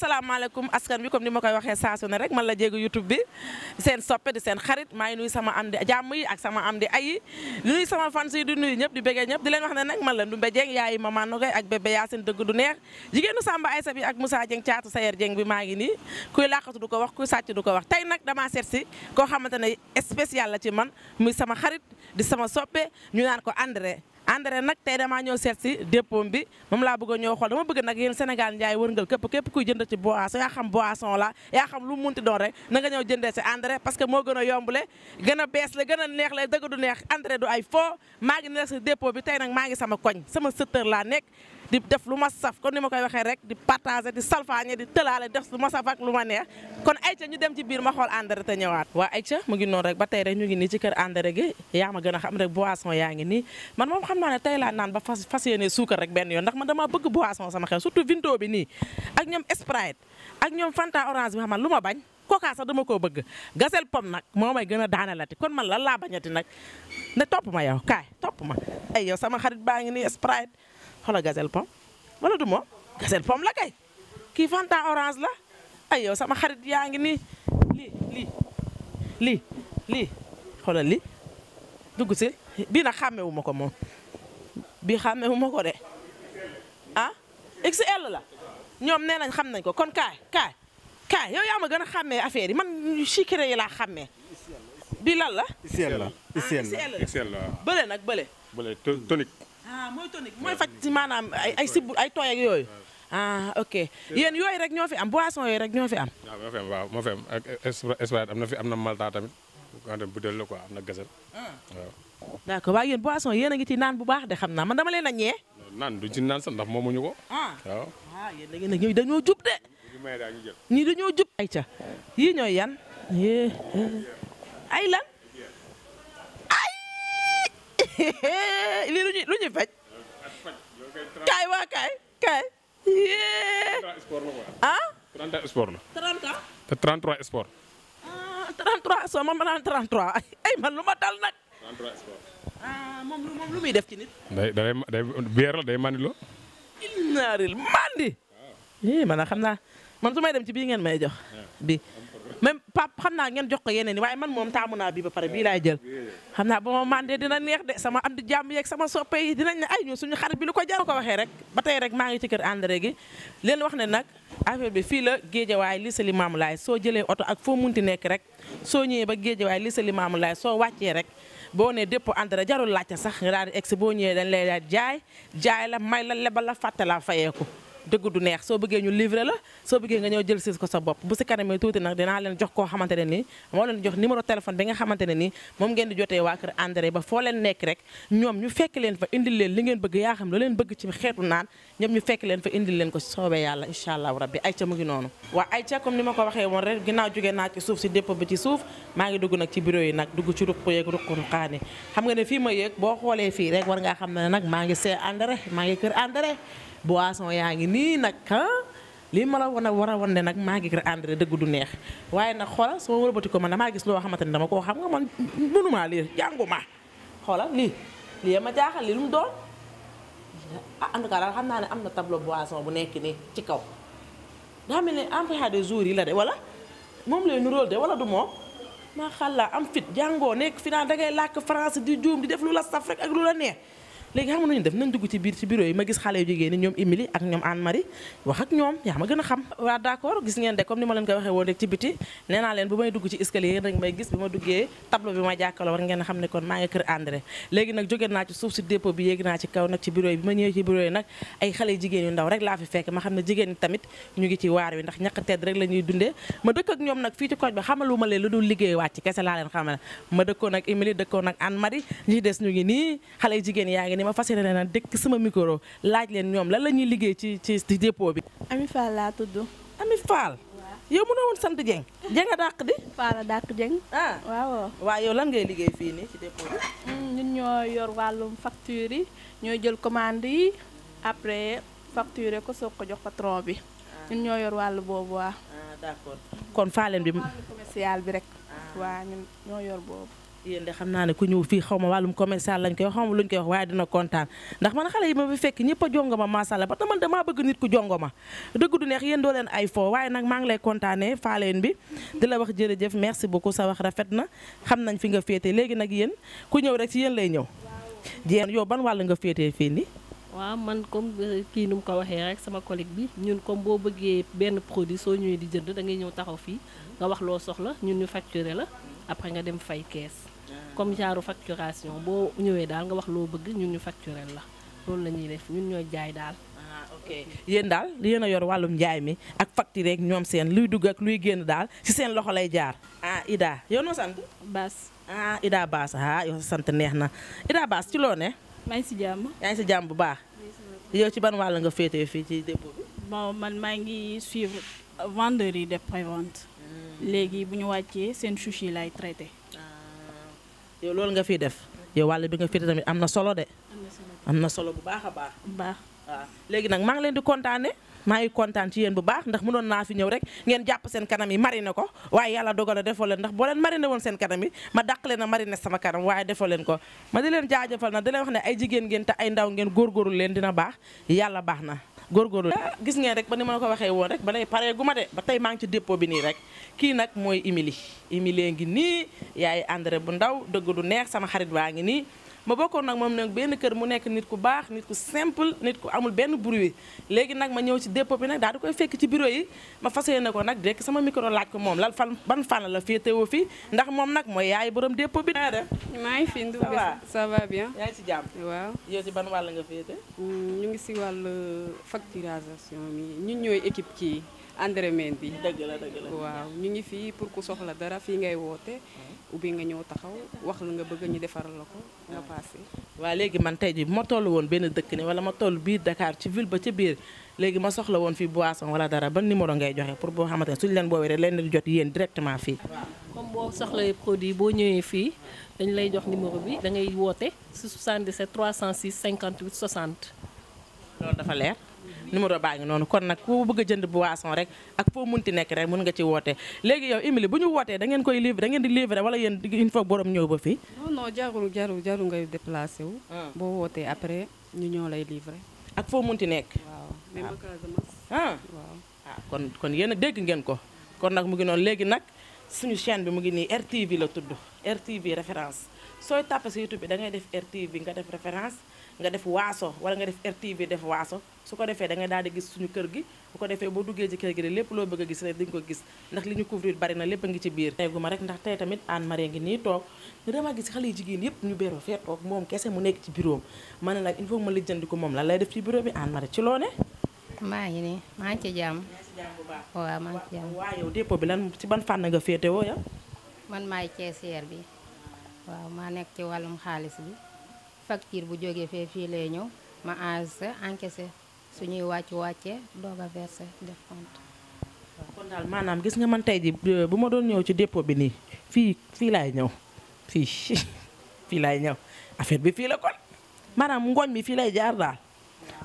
asalaamaaleykum askan bi comme ni ma koy waxee saa su rek man la jéegu YouTube bi seen soppe di seen xarit maa ngi nuyu sama am di jàmm yi ak sama am di ay yi di nuyu sama fans yi du nuyu ñëpp di bëggee ñëpp di leen wax ne nag man la Ndoumbé Dieng yaayi Mama Nogay ak bébé Yacine dëgg du neex jigéenu Samba Aïssa bi ak musa Dieng caatu Sayer Dieng bi maa ngi nii kuy làqatu du ko wax kuy sàcc du ko wax tey nag damaa seet si koo xamante ne spécial la ci man muy sama xarit di sama soppe ñu naan ko André André nag tey damaa ñëw seet si dépôt bi moom laa bëgg a ñëw xool dama bëgg nag yéen Sénégal njaay wërngal képp képp kuy jënd ci boisson yaa xam boisson la yaa xam lu munti doon rek na nga ñëw jëndee si André parce que moo gën a yombule gën a bees la gën a neex la dëgg du neex André du ay foo maa ngi nekk si dépôt bi tey nag maa ngi sama koñ sama secteur laa nekk di def luma saf kon ni ma koy waxee rek di partager di salfañe di tëlaale def luma saf ak luma neex kon ayca ñu dem ci biir ma xol andere te ñëwaat wa ayca mu ngi non rek ba tay rek ñu ngi ni ci kër andere gi ya ma gëna xam rek boisson ya ngi ni man mom xam na ne tay la naan ba fasiyene fas rek ben yoon ndax man dama bëgg boisson sama xel surtout vinto bi ni ak ñom Sprite ak ñom Fanta orange bi xamal luma bañ koka sax dama ko bëgg gasel pom nak momay gëna kon man la la bañati nak ne top ma yow kay top ma ay yow sama xarit baangi ni Sprite xoolal gazelle pom wala du mo gazelle pom la kay ki fanta orange la ay yow sama xarit yaangi ni li li li li lii xoolal lii dugg si bii nag xàmmewu ma ko moom bii xàmmewu ko de ah XL la ñom nee nañ xam nañ ko kon kay kay kay yow yaama gëna xamé affaire yi man chikire yi la xamé bi lan la. XL la ah, XL la bële nak bële. bële tonique. Ah, mooy tonique mooy faj ci maanaam ay ay ay tooy ak yooyu. ah ok yéen yooyu rek ñoo fi am boisson yooyu rek ñoo fi am. waaw moo fi am waaw fi am ak Sprite am na fi am na Malta tamit. nga xam ne ah. yéen a ngi ci naan bu baax de xam naa dama leen a ñee. naan duñ ci naan sax ndax moomuñu ko. Ah. waaw ah yéen a ñëw dañoo jub de. ñii dañoo jub. ay ca yii ñooy yan. ay lan ay. lii lu ñuy lu kaay waa kaay kaay. ah. 30 sport la. 30. Ah? te 33 sport. ah 33 soo ma mënaan 33 ay ay man lu ma dal nag. 33 sport. ah moom lu moom lu muy def ci nit. day day day bière la day mandiloo. il naaril mandi. waaw ah. eh, man a xam naa man su may dem ci bii ngeen may jox. Ah. bi même pap xam naa ngeen jox ko yeneen yi waaye man moom taamu naa bii ba pare bii laay jël xam naa ba ma mandee dina neex de sama am di jàmm yeeg sama soppe yi dinañ ne ay ñun suñu xarit bi lu ko jar ko waxee rek ba tey rek maa ngi ci kër André gi leen wax ne nag affaire bi fii la Géejawaay li sa laay soo jëlee oto ak foo munti nekk rek soo ñëwee ba Géejawaay li sa limaamu laay soo wàccee rek boo nee dépp André jarul laajte sax nga daal di egsi boo ñëwee dañ lay daal jaay jaay la may la lebal la fàtte la fayeeku dëgg du neex soo bëggee ñu livrer la soo bëggee nga ñëw jël si ko sa bopp bu si kanamee tuuti nag dinaa leen jox koo xamante ne nii moo leen jox numéro téléphone bi nga xamante ne nii moom ngeen di jotee waa kër André ba foo leen nekk rek ñoom ñu fekk leen fa indil leen li ngeen bëgg yaa xam la leen bëgg ci xeetu naan ñoom ñu fekk leen fa indil leen ko soobee yàlla incha allahu rabbi ayca mu ngi noonu waa ayca comme ni ma ko waxee woon rek ginnaaw jógee naa ci suuf si dépôt bi ci suuf maa ngi dugg nag ci bureau yi nag dugg ci ruq yeeg ruq ruqaani xam nga ne fii ma yëg boo xoolee fii rek war ngaa xam boisson yaa ngi nii nag ah lii ma la war a war a wan nag maa ngi engrais dëgg du neex waaye nag xoolal soo wëlbati ko man damaa gis loo xamante ne dama koo xam nga man mënumaa lii jàngumaa xoolal lii lii ma jaaxal lii lu mu doon ah xam naa ne am na tableau boisson bu nekk nii ci kaw daa mel ne emploi des jours yi la de wala moom lay nurool de wala du moom maa xàllaa am fit jàngoo nekk fi naan dangay làkk France di juum di def lu la saf rek ak lu la neex Lega xam nañu def nañ dugg ci biir ci bureau yi ma gis xale jigéen ñi ñoom ak ñoom Anne Marie wax ak ñoom yaa ma gën xam d'accord gis ngeen de comme ni ma leen ko waxee woon rek ci biti nee leen bu may dugg ci escalier yéen rek may gis bi ma duggee tableau bi ma jàkkaarloo war ngeen xam ne kon ma ngi kër André léegi nag jóge naa ci suuf si dépôt bi yéeg naa ci kaw nag ci bureau bi ma ci bureau ay rek fi fekk ma xam na jigéen tamit ñu ngi ci waar wi ndax tedd rek ma dëkk ak ñoom nak fi ci koñ bi xamalu leen lu dul liggéey leen xamal ma dëkkoon ak Émilie dëkkoon ak Anne Marie ñi des ñu ngi nii jigéen nii ma fas ne na dëkk sama micro laaj leen ñoom lan la ñuy liggéey ci ci ci dépôt bi. Ami Fall laa tudd. Ami Fall. yow mënoo woon sant Dieng. Dieng a dàq di. Fall a dàq Dieng. ah waaw. waaw lan ngay liggéey fii nii ci mm, ñun ñoo yor wàllum facture yi ñoo jël commande yi après facturer ko soog ko jox patron bi. Ah. ñun ñoo yor wàllu boobu waa. ah d'accord kon faaleen bi. commercial bi rek. Ah. waa ñun ñoo yor boobu. yéen de xam naa ne ku ñëw fii xaw ma wàllum commercial lañ koy xaw ma luñ koy wax waaye dina kontaan ndax man xale yi ma fi fekk ñëpp a jongo ma masala ba man damaa bëgg nit ku jongo ma dëgg du neex yéen doo leen ay foo waaye nag maa ngi lay kontaanee faaleen bi di la wax jërëjëf merci beaucoup sa wax rafet na xam nañ fi nga féete léegi nag yéen ku ñëw rek ci yéen lay ñëw jéen yow ban wàll nga féetee fii ni waaw man comme kii nu mu ko waxee rek sama collègue bi ñun comme boo bëggee benn produit soo ñëwee di jënd da ngay ñëw taxaw fii nga wax loo soxla ñun ñu facturer la après nga dem fay caisse comme genre facturation boo ñëwee daal nga wax loo bëgg ñun ñu facturer la loolu la ñuy def ñun ñooy jaay daal ah, yéen daal yéen a yor wàllum njaay mi ak facture ak ñoom seen luy dugg ak luy génn daal si seen loxo lay jaar ah Ida yow noo sant bas ah Ida bas ah yow sant neex na Ida bas ci loo ne maa ngi si jàmm. yaa si jàmm bu baax. yow ci ban wàll nga féetee fii ci dépôt bi. bon man maa ngi suivre vendeurs yi def prévente. Hmm. léegi bu ñu wàccee seen chouchi yi laay traité. Ah. yow loolu nga fiy def. yow wàll bi nga féete tamit am na solo de. am na solo bu baax a baax. bu baax waaw ah. léegi nag maa ngi leen di kontaanee. maa ngi kontaan ci yéen bu baax ndax mënoon naa fi ñëw rek ngeen jàpp seen kanam yi mariner ko waaye yàlla dogal a defoo leen ndax boo leen mariner woon seen kanam yi ma dàq leen a mariner sama kanam waaye defoo leen ko ma di leen jaajafal na di wax ne ay jigéen ngeen te ay ndaw ngeen góorgóorlu leen dina baax yàlla baax na góorgóorlu gis ngeen rek ba ni ma ko waxee woon rek ba lay paree gu ma de ba tey maa ngi ci dépôt bi nii rek kii nag mooy Émilie Émilie ngi nii yaay André bu ndaw dëgg du neex sama xarit baa ngi nii ma bokkoon nag moom nag benn kër mu nekk nit ku baax nit ku simple nit ku amul benn bruit léegi nag ma ñëw ci dépôt bi nag daal di koy fekk ci bureau yi ma fas yéene ko nag direct sama micro laaj ko moom lal fan ban fan la féetewoo fi ndax moom nag mooy yaay borom dépôt bi. naa def maa ngi fi Ndour ça va bien. yaa ngi ci jàmm waaw. yow ci ban wàll nga féete. Mm, ñu ngi ci wàll facturation bi ñu ñooy équipe kii. André Mendy dëgg la dëgg la waaw ñu ngi fii pour ku soxla dara fii ngay woote ubbi nga ñëw taxaw wax la nga bëgg ñu defaral la ko nga passé waaw léegi man tey ji bu ma toll woon benn dëkk ne wala ma toll biir dakaar ci ville ba ca biir léegi ma soxla woon fii boisson wala dara ban numéro ngay joxe pour boo xamante ne suñu leen boo rek leen di jot yéen directement fii comme boo soxlawee produit boo ñëwee fii dañu lay jox numéro bi da ngay woote si 77 306 58 60 loolu dafa leer numéro baa ngi noonu kon nak ku bëgg jënd boisson rek ak fo muñti nek rek mun nga ci woté légui yow emily buñu woté da ngeen koy livrer da ngeen di livrer wala yeen une fois borom ñëw ba fi non non jarul jarul jarul ngay déplacer wu ah. bo woté après ñu ñoo lay livrer ak fo muñti nek waaw ah. ah. kon kon yeen dégg ngeen ko kon nak mu ngi non légui nak suñu chaîne bi mu ngi ni RTV la tuddu RTV référence soy tapé si YouTube da ngay def RTV nga def référence nga def waaso wala nga def RTV def waaso su ko defee dangay nga daal di gis suñu kër gi bu ko defee boo duggee ci kër gi de lépp loo bëgg a gis rek di ko gis ndax li ñu couvrir bari na lépp a ngi ci biir tegu ma rek ndax tey tamit Anne Marie ngi nii toog ñu dama gis xale yu jigéen yëpp ñu beeroo fee toog moom kese mu nekk ci bureau ma ne nag il faut ma lijjanti ko moom lan lay def ci bureau bi Anne Marie ci loo ne maa ngi nii maa ngi ci jàmm waaw maa ngi ci jàmm waaw yow dépôt bi ci ban fànn nga féetewoo yow man maay caissière bi maa nekk ci wàllum xaalis bi facture bu jógee fee fii lay ñëw ma enregistré encaissé suñuy wàcc wàcce doog a def compte. daal maanaam gis nga man tey ji bu ma doon ñëw ci déppo bi nii fii fii laay ñëw fii fii laay ñëw affaire bi fii la kon maanaam ngooñ bi fii lay jaar daal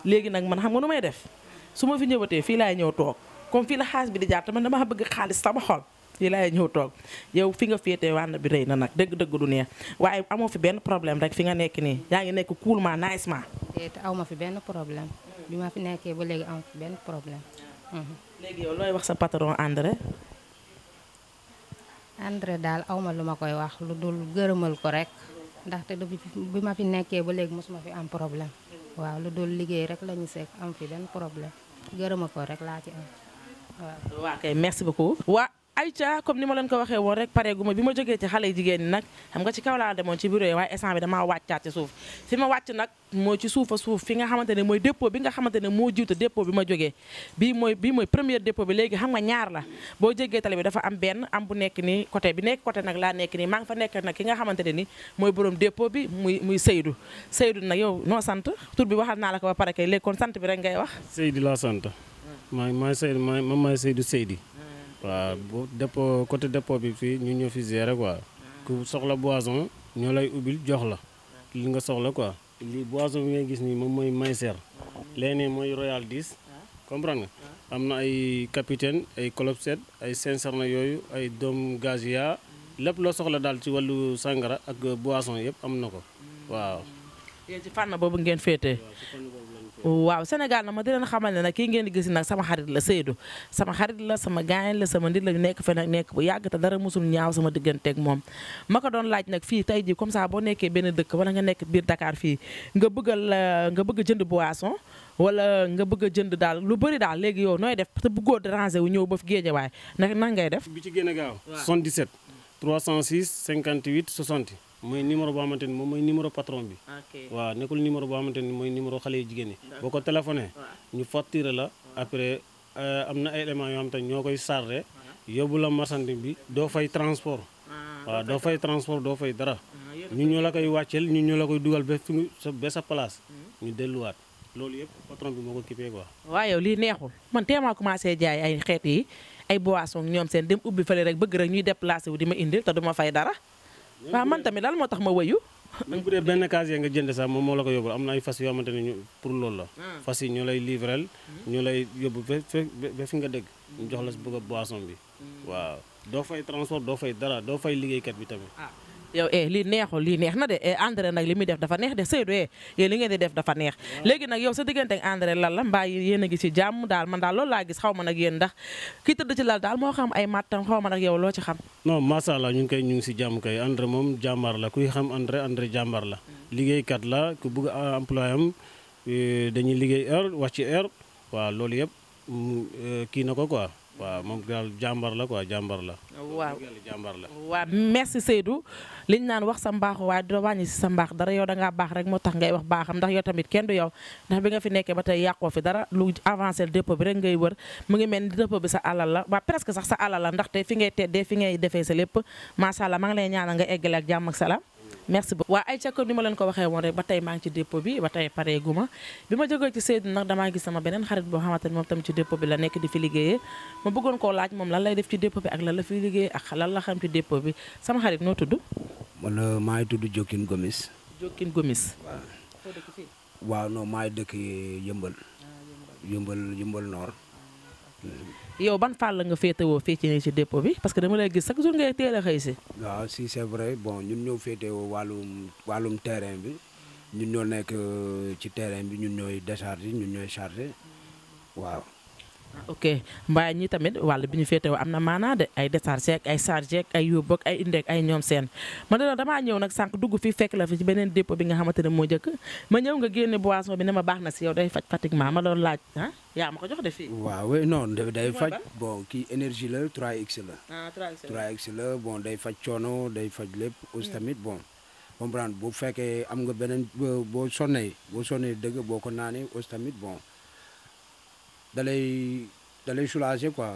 léegi nag man xam nga nu may def su ma fi ñëwatee fii laay ñëw toog comme fii la xaalis bi di jaar te man dama bëgg xaalis sama xol. fii laay ñëw toog yow fi nga féetee wànn bi rëy na nag dëgg-dëgg du neex waaye amoo fi benn problème rek fi nga nekk nii yaa ngi nekk coolement nicement. te aw ma fi benn problème bi ma fi nekkee ba léegi am fi benn problème. Mhm. léegi yow looy wax sa patron André. André daal aw ma lu ma koy wax lu dul gërëmal ko rek ndaxte depuis bi ma fi nekkee ba léegi mosuma fi am problème waaw lu dul liggéey rek la ñu seek am fi benn problème gërëma ko rek laa ci am waaw. waa kay merci beaucoup. waa Aïcha comme ni ma leen ko waxee woon rek pare gu ma bi ma jógee ci xale jigéen ñi nag xam nga ci kaw laa demoon ci bureau yi waaye instant bi damaa wàccaat ci suuf fi ma wàcc nag mooy ci nga xamante ne mooy dépôt bi nga xamante ne moo jiwte dépôt bi ma jógee bii mooy mooy premier dépôt bi léegi xam nga ñaar la boo jégee tali bi dafa am benn am bu nekk ni côté bi nekk côté nag laa nekk nii maa ngi fa nekk nag ki nga xamante ne ni mooy borom dépôt bi muy muy Seydou Seydou nag yow noo sant tur bi waxal naa la ko ba pare kay léegi sant bi rek ngay wax Seydou laa sant maa maay Seydou maa maay Seydou waaw bu dépôt côté dépôt bi fii ñu ñoo fi gérer quoi ku soxla boisson ñoo lay ubbil jox la li nga soxla quoi li boisson bi ngay gis ni moom mooy Mayser léegi mooy Royal 10 comprendre nga am na ay capitaine ay colobset ay sincère na yooyu ay doom gazia lépp loo soxla daal ci wàllu sàngara ak boisson yëpp am na ko waaw. yéen boobu ngeen féetee waaw Sénégal na ma di leen xamal ne nag kii ngeen di gis nag sama xarit la Seydou sama xarit la sama gaañ la sama nit la nekk fe nekk bu yàgg te dara mosul ñaaw sama digganteeg moom ma ko doon laaj nag fii tey jii comme ça boo nekkee benn dëkk wala nga nekk biir Dakar fii nga bëgg nga bëgg jënd boisson wala nga bëgg a jënd daal lu bëri daal léegi yow nooy def te bëggoo déranger wu ñëw ba fi géejawaay nag nan ngay def bi ci gën a gaaw 77 306 58 60 mooy numéro boo xamante ni moom mooy numéro patron bi. waaw nekkul numéro boo xamante mooy numéro xale yu jigéen ñi. boo ko téléphoné. ñu facturé la après euh, am na ay éléments yoo xam te ñoo koy sarre yóbbu la marchandise bi doo fay transport. Ah, waaw doo fay transport doo fay dara. Ah, ñu ñoo la koy wàcceel ñu ñoo la koy dugal ba fi sa ba sa place. Hmm. ñu delluwaat loolu yëpp patron bi moo ko kippee quoi. waaw yow lii neexul man teemaa commencé jaay ay xeet yi ay boissons ñoom seen dem ubbi fële rek bëgg rek ñuy déplacé wu di ma indil waaw man tamit daal moo tax ma wëyu même bu dee benn case nga jënd sax moom moo la ko yóbbul am na ay fas yoo xamante ne ñu pour loolu la ah. fas yi ñu lay livrel hmm. ñu lay yóbbu ba fi nga dëgg ñu jox la si hmm. bëgg boisson bi hmm. waaw doo fay transport doo fay dara doo fay liggéeykat bi tamit ah. yow eh li neexul oh, li neex na de eh André nak limi def dafa neex de Seydou eh ye li ngeen di def dafa neex léegi nak yow sa diggante ak André lan la mbaa yeena gi ci jamm dal man dal loolu la gis xawma nak yeen ndax ki tëdd ci lal dal mo xam ay matam xawma nak yow lo ci xam non sha allah ñun kay ñu ci si kay André mom jàmbaar la kuy xam André André jàmbaar la mm. kat la ku bëgg employé am eh, dañuy liggéey heure wacc heure wa loolu eh, ki nako quoi waaw moom daal jàmbar la quoi jàmbar la. waaw jàmbar la. waaw merci Seydou liñ naan wax sa mbaaxu waaye dina wàññi si sa mbaax dara yow danga ngaa baax rek moo tax ngay wax baaxam ndax yow tamit kenn du yow ndax bi nga fi nekkee ba tey yàqoo fi dara lu avancé dépôt bi rek ngay wër mu ngi mel ni dépôt bi sa alal la waa presque sax sa alal la ndax tey fi ngay dee fi ngay defee sa lépp macha allah maa ngi lay ñaanal nga eggale ak jàmm ak salaam. merci beaucoup wa ay ayca ko ni ma leen ko waxe woon rek ba tey maa ngi ci depot bi ba tey pare gu ma bi ci Seydou nak dama gis sama benen xarit bo xamante mom tam ci depot bi la nek di fi liggéeyee ma bëggoon ko laaj mom lan lay def ci depot bi ak lan la fi liggéeyee ak lan la xam ci depot bi sama xarit no tuddu man euh, maa ngi tuddu Jokin Gomis. Jokin Gomis. wa wa dëkk fii. non maa ngi dëkk Yëmbal. Yëmbal Yëmbal Nord yow ban fàll nga féetewoo fii ci ci dépôt bi parce que dama lay gis chaque jour ngay téla a ci si. si c'est vrai bon ñun ñoo wo walum walum terrain bi ñun ñoo nek euh, ci terrain bi ñun ñoy décharger ñun ñoy charger waaw. ok mbaa ñi tamit wàll bi ñu féetewoo am na maanaa de ay déchargé ay chargé ak ay yóbbu ay indi ay ñoom seen ma ne la damaa ñëw nag sànq dugg fi fekk la fi ci beneen dépôt bi nga xamante ne moo njëkk ma ñëw nga génne boisson bi ne ma baax na si yow day faj pratiquement ma doon laaj ah yaa ma ko jox de fii. faj bon kii énergie la 3X la. ah 3 la bon day faj coono day faj lépp. Hmm. aussi tamit bon comprendre bu fekkee am nga beneen boo sonnee boo sonnee dëgg boo ko naanee aussi tamit bon. da lay da lay soulager quoi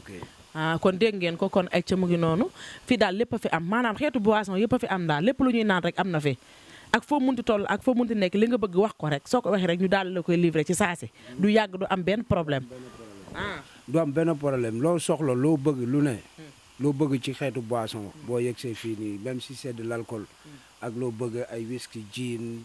ok. ah kon dégg ngeen ko kon ay ca mu ngi noonu fii daal lépp a fi am maanaam xeetu boisson yëpp a fi am daal lépp lu ñuy naan rek am na fi ak foo munti toll ak foo munti nekk li nga bëgg wax ko rek soo ko waxee rek ñu daal la koy livrer ci saasi du yàgg du am benn problème. ah du am benn problème loo soxla loo bëgg lu ne. Hmm. loo bëgg ci xeetu boisson. Hmm. boo see fii nii même si c'est de l'alcool. Hmm. ak loo bëgg ay whisky gin.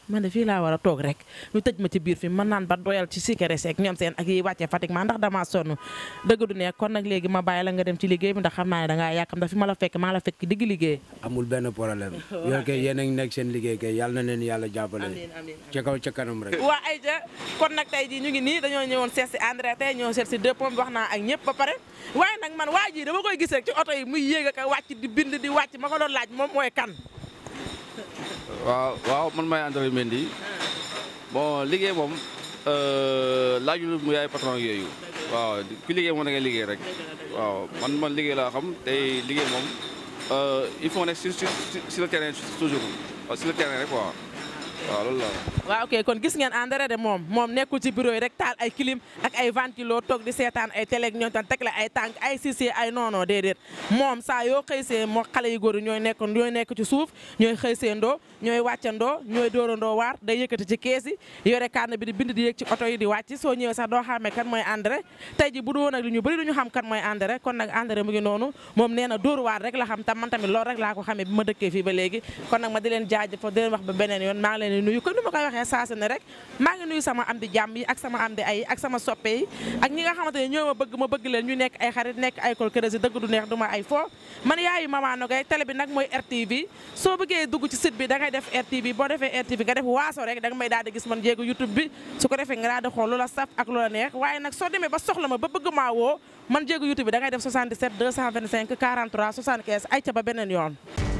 man de fii laa war a toog rek ñu tëj ma ci biir fi man naan ba doyal ci sikere seeg ñoom seen ak yi wàccee Fatick maa ndax damaa sonn dëgg du kon nag léegi ma la nga dem ci fekk maa la amul benn problème yow kay yéen nekk seen liggéey kay yàlla na leen yàlla jàppale ca kaw ca kanam rek waa ay ja kon nag tey jii ñu ngi nii dañoo ñëwoon seet si André tey ñëw seet si deux pommes wax naa ak ñëpp ba pare waaye nag man waa ji dama koy gis ci oto waaw man maay André Mendy bon liggéey moom euh, laajul mu yaay patron yooyu waaw ku liggéey moom da liggéey rek waaw man man liggéey laa xam tey liggéey moom euh, il faut nekk sur si le terrain toujours sur le terrain rek waaw waaw loolu waaw ok kon gis ngeen André de moom moom nekkul ci bureau rek taal ay clim ak ay ventilo toog di seetaan ay télé ak ñoom tam teg ay tànk ay sisee ay noono déedéet moom saa yoo xëy see moo xale yi ñooy ñooy nekk ci suuf ñooy xëy seendoo ñooy wàccandoo ñooy dóorandoo waar day yëkkati ci kees yi yore kaana bi di bind di yëg ci oto yi di wàcc soo ñëwee sax doo xamee kan mooy André tey ji bu doon nag li ñu bëri duñu xam kan mooy André kon nag ne saa su ne rek maa ngi nuyu sama am di jàmm yi ak sama am di ay ak sama soppe yi ak ñi nga xamante ne ñoo ma bëgg ma bëgg leen ñu nekk ay xarit nekk ay kolkërés ma ay fo man yaayu Mama Nogay télé soo bëggee dugg ci site bi da ngay def RTV boo defee RTV nga def waaso daal di gis man jéego YouTube bi su ko defee nga daal di xool loola saf ak loola neex waaye nag ay ca ba beneen yoon